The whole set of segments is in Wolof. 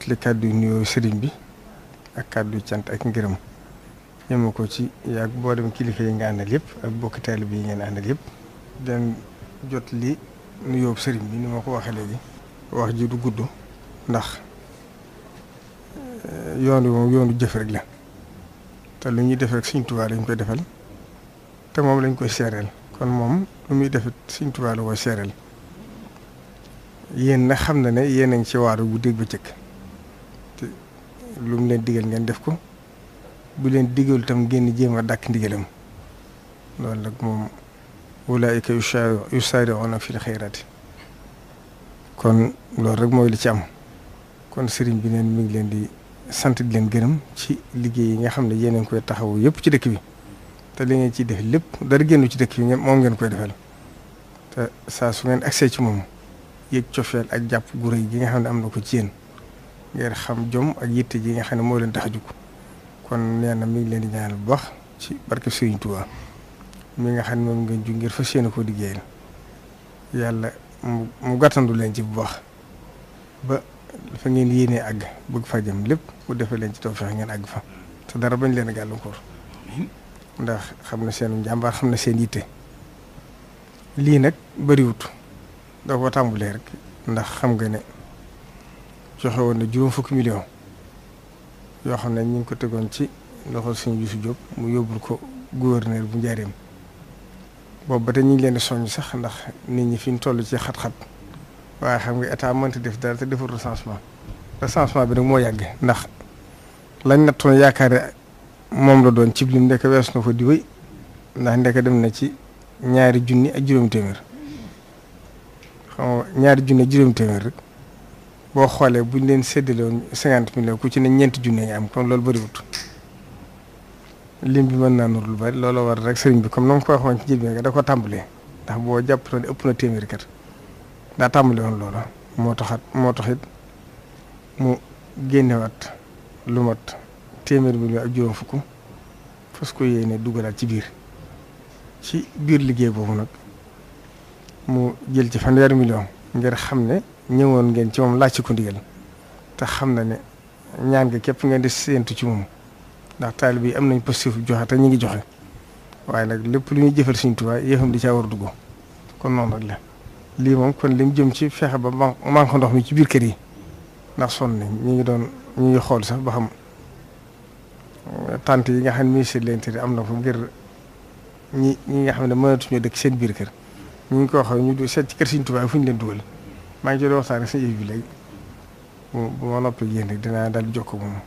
jottali kàddu yu nuyoo sëriñ bi ak kàddu yu cant ak ngërëm yema ko ci yàgg boo kilifa yi nga àndal yëpp ak bokki taalibe yi ngeen àndal yëpp den jottali nuyoo sëriñ bi ni ko waxee léegi wax ji du gudd ndax eh, yoon wi moom jëf la te lu ñuy def rek Sëriñ koy defal te moom lañ koy seereel kon moom muy def Sëriñ Tuubaa la koy seereel yéen na xam na ne yéen a ngi ci waaru bu dégg ba lu mu leen digal ngeen def ko bu leen digal itam ngeen jéem a dàkk ndigalam loolu nag moom ulaayika yusaariuuna fil xayraati kon loolu rek mooy li ci am kon sëriñ bi neen mi ngi leen di sant di leen gërëm ci liggéey yi nga xam ne yéen a ngi koy taxawu yëpp ci dëkk bi te li ci def lépp dara génnu ci dëkk bi moom ngeen koy defal te saa su ngeen agsee ci moom yëg cofeel ak jàpp gu yi gi nga xam ne am na ko ci yéen ngeen xam jom ak yitte ji nga xam ne moo leen tax a jug kon nee na mi ngi leen di ñaanal bu baax ci barke Serigne Touba mi nga xam ne moom ngeen jug ngir fas yéene koo liggéeyal yàlla mu gàttandu leen ci bu bax ba fa ngeen yéenee àgg bëgg fa jëm lépp mu defee leen ci tawfeex ngeen àgg fa te dara bañ leen a gàllankoor ndax xam na seen njàmbaar xam na seen yitte lii nag bëriwut da ko tàmbulee rek ndax xam nga ne. joxe na juróom fukki million yoo xam ne ñu ngi ko tegoon ci loxo suñu Youssou jóg mu yóbbul ko gouverneur bu njaareem boobu ba tey ñu leen di soññ sax ndax nit ñi fi ñu toll ci xat-xat waaye xam nga état mënta def dara te deful recensement recensement bi nag moo yàgg ndax lañ yaakaar yaakaare moom la doon cib lim ndeke wees na ko di wéy ndax ndeke dem na ci ñaari junni ak juróomi téeméer xam ñaari junni ak juróomi téeméer rek. boo xoolee ñu leen séddaloon cinquante millions ku ci ne ñeenti junne nga am kon loolu bëriwut lim bi mën naa nur lu bari looloo war rek sëriñ bi comme na nga ko waxoon ci njëlbéen nga da ko tàmbalee ndax boo jàpp ne ëpp na téeméeri kat daa tàmbale loola moo taxat moo taxit mu génnewaat lu mat téeméer million ak juróom fukk fas ko yéene dugalaat ci biir ci biir liggéey boobu nag mu jël ci fanweeri million ngir xam ne ñëwoon ngeen ci moom laaj ko ndigal te xam na ne ñaan nga képp ngeen di séentu ci moom ndax taalib yi am nañ positif joxe te ñu ngi joxe waaye nag lépp lu ñuy jëfal suñu tubaab yéexam di caa war a dugg kon noonu rek la lii moom kon lim jëm ci fexe ba manque ndox mi ci biir kër yi ndax sonn nañ ñu ngi doon ñu ngi xool sax ba xam tant nga xam ne ministre de l'Intérieur am na ko ngir ñi ñi nga xam ne mënatuñoo dëkk seen biir kër ñu ngi ko waxee ñu seet ci kër suñu tubaab fu ñu leen dugal. maa ngi ci doon waxtaan ak sëñ bi léegi bu bu ma noppee yéen rek dinaa dal jokk moom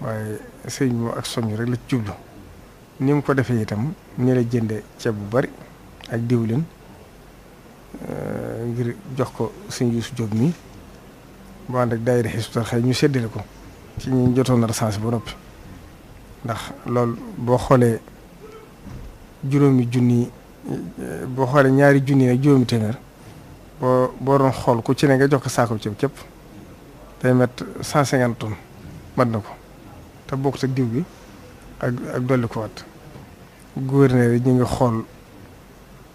waaye sëñ bi ak soññ rek la ci jublu ni mu ko defee itam ñu la jënde ceeb bu bari ak diwlin ngir jox ko sëñ Yuusu Jóob mi bu ànd ak daayira Hizbut Tarqiyyah ñu seddale ko ci ñi jotoon recensé ba noppi ndax lool boo xoolee juróomi junni boo xoolee ñaari junni ak juróomi téeméer boo boo doon xool ku ci ne nga jox ko saako ceeb képp day met cent cinquante tonnes mat na ko te bokk ak diw bi ak ak dolli ko waat gouverneur yi ñu ngi xool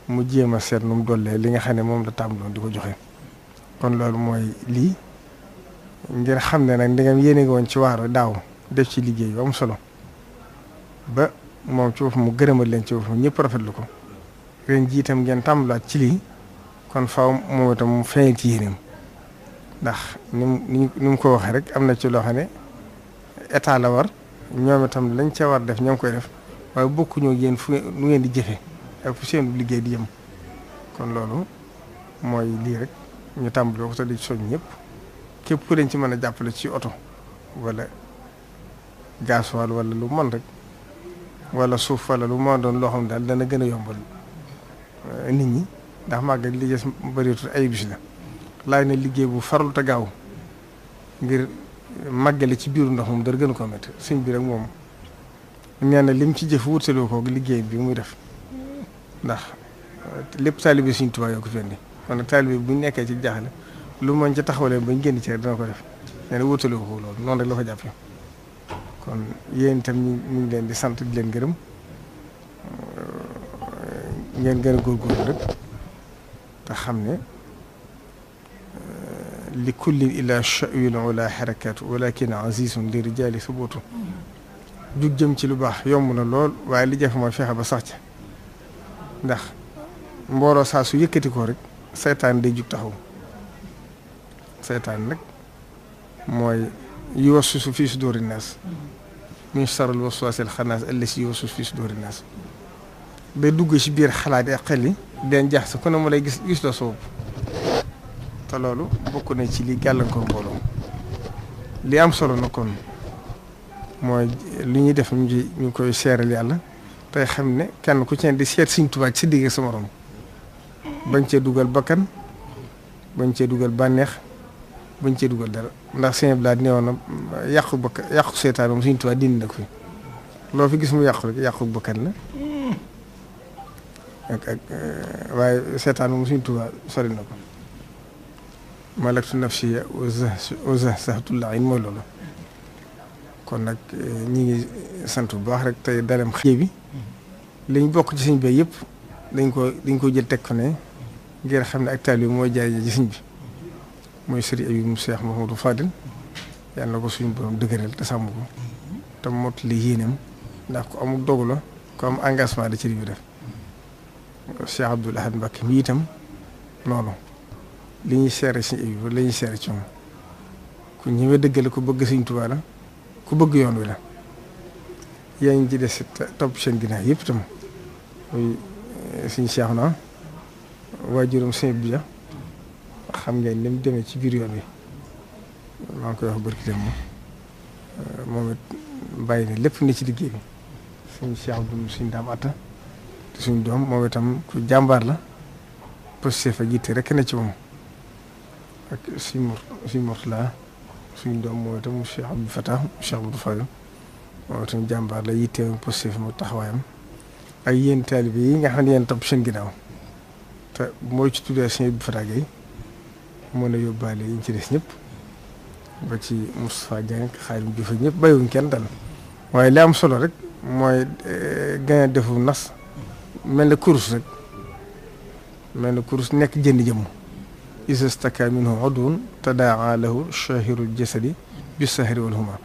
mu jéem a seet nu mu dollee li nga xam ne moom la tàmbaloon di ko joxe kon loolu mooy lii ngir xam ne nag ndegam yéene nga woon ci waar daaw def ci liggéey yu am solo ba moom ci boppam mu gërëmal leen ci boppam ñëpp rafetlu ko ren jiitam ngeen tàmbalaat ci lii. kon faaw moom itam mu feeñ ci yéenam ndax ni ni mu ko waxee rek am na ci loo xam ne état la war ñoom itam lañ ca war def ñoo ngi koy def waaye bokkuñoo ak yéen fu nu ngeen di jëfe ak fu seen liggéey di yem kon loolu mooy lii rek ñu tàmbali ko te di ñépp képp ku leen ci mën a jàppale ci oto walla wala gasoil wala lu man rek wala suuf wala lu mën doon loo xam daal dana gën a yombal eh, nit ñi. ndax màggal li des bëreetul ay bis la laaj na liggéey bu farlu te gaaw ngir màggale ci biiru ndox moom dara gën koo métti suñ bi rek moom nee na lim ci jëf wutaloo ko liggéey bi muy def ndax uh, lépp taalibe suñ Tuubaa yoo ko fi indi kon nag bu ñu nekkee ci jaaxle lu mën ca taxawalee bañ génn ci rek dana ko def nee na wutaloo ko loolu noonu rek la ko jàppee kon yéen itam ñu ngi leen di sant di leen gërëm uh, ngeen gën a góorgóorlu rek. te xam ne euh, li kullin illa sha'win wala xarakatu walakin azizun li rijaali subutu jug jëm ci lu baax yomb na lool waaye li jafe mooy fexe ba sax ca ndax mbooloo saa su yëkkati ko rek seytaan day jug taxaw seytaan nag mooy yuwaswisu fii suduuri naas min sharril waswaasil xannaas allasi yuwaswisu fii suduuri naas day dugg ci biir xalaat yi ak den jax sa ku ne lay gis gis la soobu te loolu bokk na ci li gàllankoor mbooloo li am solo na kon mooy li ñuy def ñu koy seeral yàlla tey xam ne kenn ku ci ne di seet Sëriñ Tuubaa ci sa digg sa morom bañ cee dugal bakkan bañ cee dugal bànneex bañ cee dugal dara ndax Sëriñ Abdou Lahad nee woon na yàqu bakkan yàqu seetaan moom Sëriñ dindi na ko fi loo fi gis mu yàqu rek yàqu bakkan la ak ak eh, waaye seetaan moom suñu Tuubaa sori na ko malaktu nafsiya ausa saxtullahin mooy loolu kon nag eh, ñi ngi sant bu baax rek tey dalem xëy bi liñ bokk ci suñ bay yëpp dañ ko dañ ko jël teg ko ne ngir xam ne ak taal bi mooy jaay ci suñ bi mooy sëriñ abi mu Seex Mahamadou Fadil yàlla na ko suñu borom dëgëral te sàmm ko te mot li yéenam ndax ko amul dogu la ku am engagement da ci li def Cheikh Abdoul Ahad Mbacké mi itam loolu li ñuy seere si Ibra la ñuy seere ci moom ku dëggale ku bëgg Sëriñ ku bëgg yoon wi la yaa ngi ci des topp seen ginnaaw yëpp itam muy eh, Sëriñ Cheikh na waajuram Sëriñ bi ja xam ngeen ni mu demee ci biir yoon wi maa ngi koy wax barki dem eh, moom bàyyi na lépp ni ci liggéey bi Sëriñ Cheikh Abdoul Sëriñ Daam Atta suñu doom moom itam ku jàmbaar la posté fa jiite rek ne ci moom ak suñ mor suñ doom moom itam Cheikh Abdou Fatah Cheikh Abdou Fadil moom itam jàmbaar la yitteewam posté fa mu taxawaayam ak yéen taalibe yi nga xam ne yéen topp seen ginnaaw te ci tuddee suñu Abdou Fatah Gaye mën a yóbbaale yi ñu ci des ñëpp ba ci Moustapha Dieng kenn dal waaye li am solo rek mooy eh, gën defu nas mel na kurus rek mel na kurus nekk jënd jëmm isastaka minhu udwun tadaa lahu shahirul jasadi bi sahri wal huma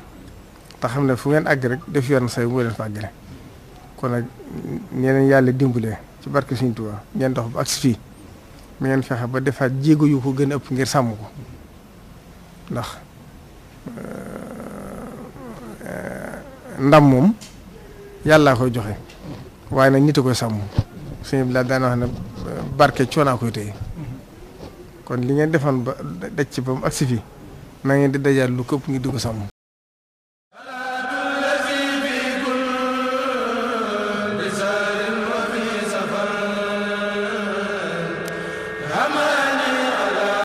te xam ne fu ngeen àgg rek def yoon say mu leen fa àggale kon nag ñeneen yàlla dimbalee ci barke Sëriñ Tuubaa ngeen dox ba agsi fii mi ngeen fexe ba defaat jéego yu ko gën a ëpp ngir sàmm ko ndax euh, euh, ndam moom yàllaa koy joxe waaye nag nit a koy sàmm su bi laa daan wax ne barke coonaa koy téye kon li ngeen defoon ba daj ci ba mu agsi fii na ngeen di dajaat lu këpp ngi di ko sàmm